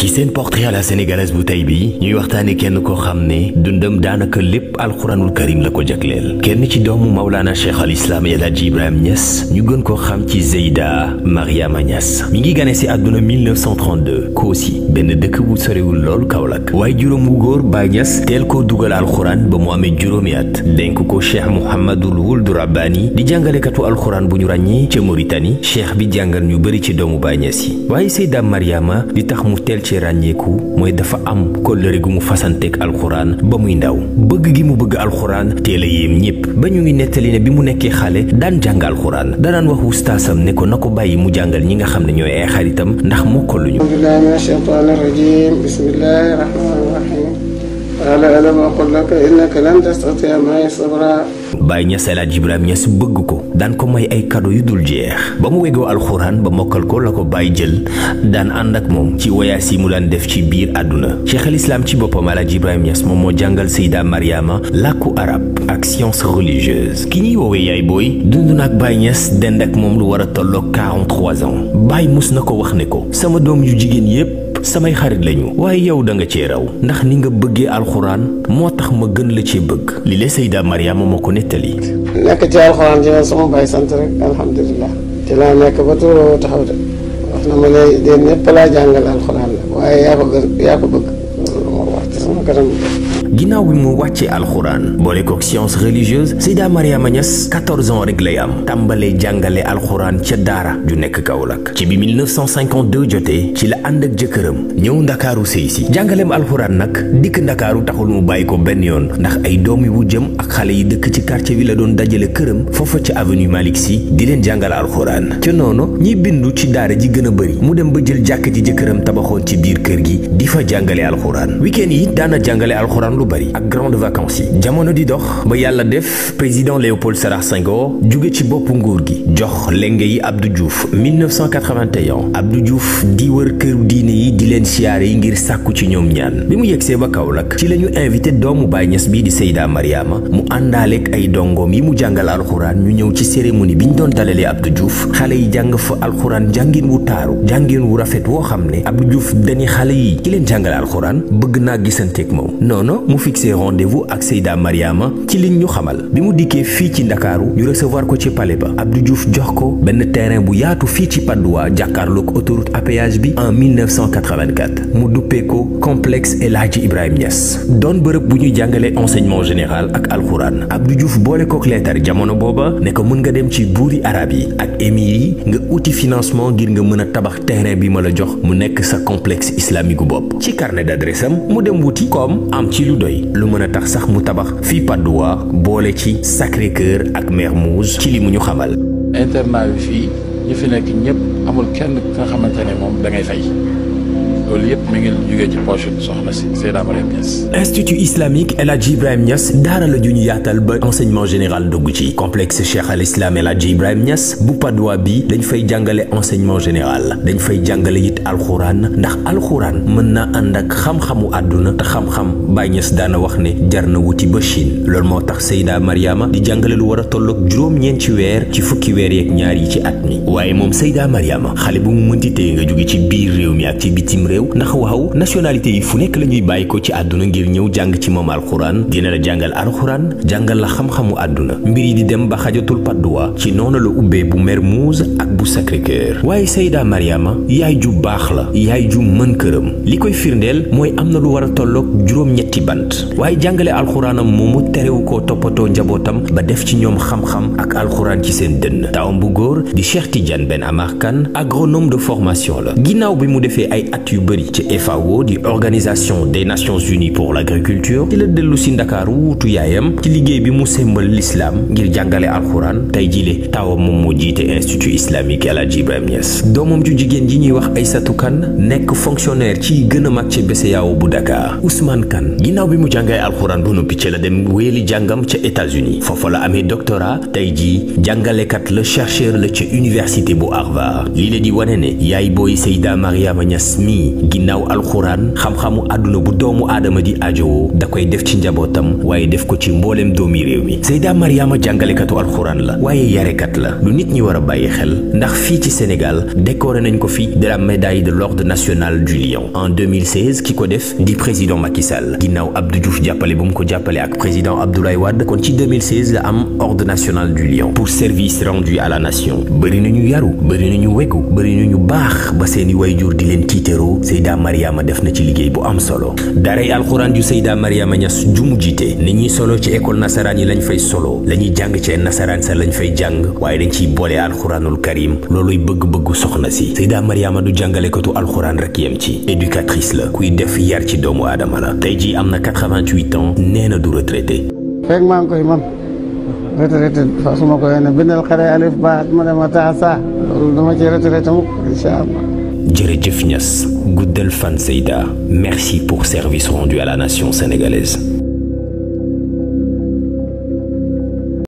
ci seen portrait à la bu tey bi ñuy waxtaane kenn koo xam ne dundam daanaka lépp alxuraanul karim la ko jagleel kenn ci doomu mawlaana cheikh al islam El Hadji Ibrahima Niass ñu gën koo xam ci Zeyda Mariama Niass mu ngi gane si àdduna 1932 Koosi benn dëkk bu sorewul lool Kaolack waaye juróom góor Baay Niass teel koo dugal alxuraan ba mu amee juróomi at dénk ko cheikh Mouhamadul Wuld Rabbani di jàngalekatu alxuraan bu ñu ràññee ca Mauritanie cheikh bi jàngal ñu bëri ci doomu Baay ci ràññeeku mooy dafa am kóllëre gu mu fasanteeg alxuraan ba muy ndaw bëgg gi mu bëgg alxuraan teel a ñëpp ba ñu ngi nettali bi mu nekkee xale daan jàng alxuraan danaan wax wustaasam ne ko na ko bàyyi mu jàngal ñi nga xam ne ñooy ay xaritam ndax mokkaluñu bismillahi rahmaani rahim qaala alam aqul laka innaka lan tastatia maay sabra Baye Niass El Hadj Ibrahima Niass bëgg ko daan ko may ay cadeau yu dul jeex ba mu wegoo alxuraan ba mokkal ko la ko bàyyi jël daan ànd ak moom ci wayaas yi mu daan def ci biir àdduna Cheikh al ci boppam El Hadj Ibrahima Niass moom moo jàngal Seyda Mariama làkku arab ak science religieuse ki ñuy woowee yaay booy dund na ak Baye Niass dend ak moom lu war a tolloog 43 ans bàyyi mus na ko wax ne ko sama doom yu jigéen yépp samay xarit lañu waaye yow da cee raw ndax ni nga bëggee alxuraan moo tax ma gën la cee bëgg li la Seyda Mariama ma ko nettali. nekk ci alxuraan ci sama baay sant rek alhamdulilah. ci laa nekk ba tuuroo taxaw de wax na ma ne de laa jàngal alxuraan la waaye yaa ko gën yaa ko bëgg loolu moo wax ci sama kanam. ginnaaw bi mu wàccee alxuraan boole kook science religieuse Seyda Mariama Niass 14 ans rek lay am tàmbalee jàngale alxuraan ca daara ju nekk Kaolack ci bi 1952 jotee ci la ànd ak jëkkëram ñëw ndakaaru sëy si jàngaleem alxuraan nag dikk ndakaaru taxul mu bàyyi ko benn yoon ndax ay doomi wu jëm ak xale yi dëkk ci quartier bi la doon dajale këram foofa ci avenue Malick si di leen jàngal alxuraan ca noonu ñi bindu ci daara ji gën a bëri mu dem ba jël jàkk ji jëkkëram tabaxoon ci biir kër gi di fa jàngale alxuraan week-end yi daana jàngale alxuraan lu bari ak grande vacances yi jamono di dox ba yàlla def président Léopold Sédar Senghor jóge ci boppu nguur gi jox lenge yi Abdou Diouf 1981 Abdou Diouf di wër këru diine yi di leen siyaare yi ngir sàkku ci ñoom ñaan bi mu yegsee ba Kaolack ci la ñu doomu Baay Ñas bii di Seyda Mariama mu àndaaleeg ay dongoom yi mu jàngal alxuraan ñu ñëw ci cérémonie bi ñu doon dalalee Abdou Diouf xale yi jàng fa alxuraan jàngin wu taaru jàngin wu rafet woo xam ne Abdou Diouf da xale yi ki leen mu fixé rendez-vous ak Seyda Mariama ci liñ ñu xamal bi mu diké fi ci ndakaaru ñu recevoir ko ci palais ba Abdou Diouf jox ko ben terrain bu yaatu fi ci Padoua jakarlok autoroute à bi en 1984 mu duppee ko complexe El Hadji Ibrahim Niass don bërëb bu ñu jàngalé enseignement général ak alxuraan Abdou Diouf boole kook leetar jamono boba né ko mën nga dem ci buuri arab ak émir nga outil financement ngir nga mëna tabax terrain bi ma jox mu nekk sa complexe islamique bop ci carnet d'adresse am mu dem wuti comme am ci doy lu mën a tax sax mu tabax fii Patte d'Oie boole ci Sacré-Cœur ak Mermoz ci li mu ñu xamal. internat bi fii ñu fi nekk ñëpp amul kenn ku nga xamante ne moom da ngay fay. loolu yëpp mi ngi jógee ci poche soxna si Seyda Mariam Niass. institut islamique El Hadj Ibrahim Niass daara la ju ñu yaatal ba enseignement général dugg ci complexe Cheikh al Islam El Hadj Ibrahim Niass bu Padoa bi dañ fay jàngale enseignement général dañ fay jàngale it alxuraan ndax alxuraan mën naa ànd ak xam-xamu àdduna te xam-xam Baye Niass daana wax ne jar na wuti ba Chine loolu moo tax Seyda Mariama di jàngale lu war a tolloog juróom-ñeent ci weer ci fukki weer yeeg ñaar yi ci at mi waaye moom Seyda Mariama réew ndax waaw nationalité yi fu baik la ñuy bàyyi ko ci àdduna ngir ñëw jàng ci moom alxuraan dina la jàngal alxuraan jàngal la xam-xamu àdduna mbir yi di dem ba xajatul ci la bu mermouse ak bu sacré cœur waaye sayda mariama yaay ju baax la yaay ju mën këram li koy firndeel mooy am na lu war a tolloog juróom-ñetti bant waaye jàngale alxuraanam moomu terewu koo toppatoo njabootam ba def ci xam-xam ak alxuraan ci seen dënn taawam bu góor di cheikh tidiane ben amar agronom agronome de formation la ginnaaw bi mu ay at yu bëri FAO di organisation des nations unies pour l'agriculture ci la dellu si Dakar wuutu yaayam ci liggéey bi mu sembal l'islam ngir jàngale alxuraan tey jile taawam moom moo jiite institut islamique à la Ibrahima Niass doomam ju jigéen ji ñuy wax Aïssatou Kane nekk fonctionnaire ci gën ma mag ci BCEAO bu Dakar Ousmane Kane ginnaaw bi mu jàngee al bu noppi ci la dem wéyali États-Unis foofa la amee doctorat tey jii Kat, le chercheur le ca université bu Harvard Il est di wane ne yaay booy Seyda Maria Niass ginnaaw alxuraan xam-xamu aduna bu doomu adama di ajowoo da koy def ci njabootam waye def ko ci mbollem doomi rew mi Seyda Mariama jàngalekatu alxuraan la yare kat la lu nit ñi wara xel ndax fi ci Sénégal décoré nañ ko fi de la médaille de l'ordre national du lion en 2016 ki ko def di président Macky Sall ginnaaw Abdou Diouf jappalé bu mu ko jappalé ak président Abdoulaye Wade kon ci 2016 la am ordre national du lion pour service rendu à la nation Berinu nañu yaru berinu nañu berinu bari nañu bax ba seeni wayjur di len Seyda Mariama def na ci liggéey bu am solo daaray alxuraan yu Seyda Mariama Ñas ju mu jiite ni ñuy solo ci école nasaraan yi lañ fay solo lañuy jàng ci nasaraan sa lañ fay jàng waaye dañ ciy boole alxuraanul karim looluy bëgg-bëggu soxna si Seyda Mariama du jàngalekatu alxuraan rek yem ci éducatrice la kuy def yar ci doomu aadama la tey jii am na 88 ans nee na du retraité. fekk maa ngi koy man retraité fa su ma koy ne bindal xare alif baat ma dem a taasa loolu jërëjëf Niass Goudel fan Seyda merci pour service rendu à la nation sénégalaise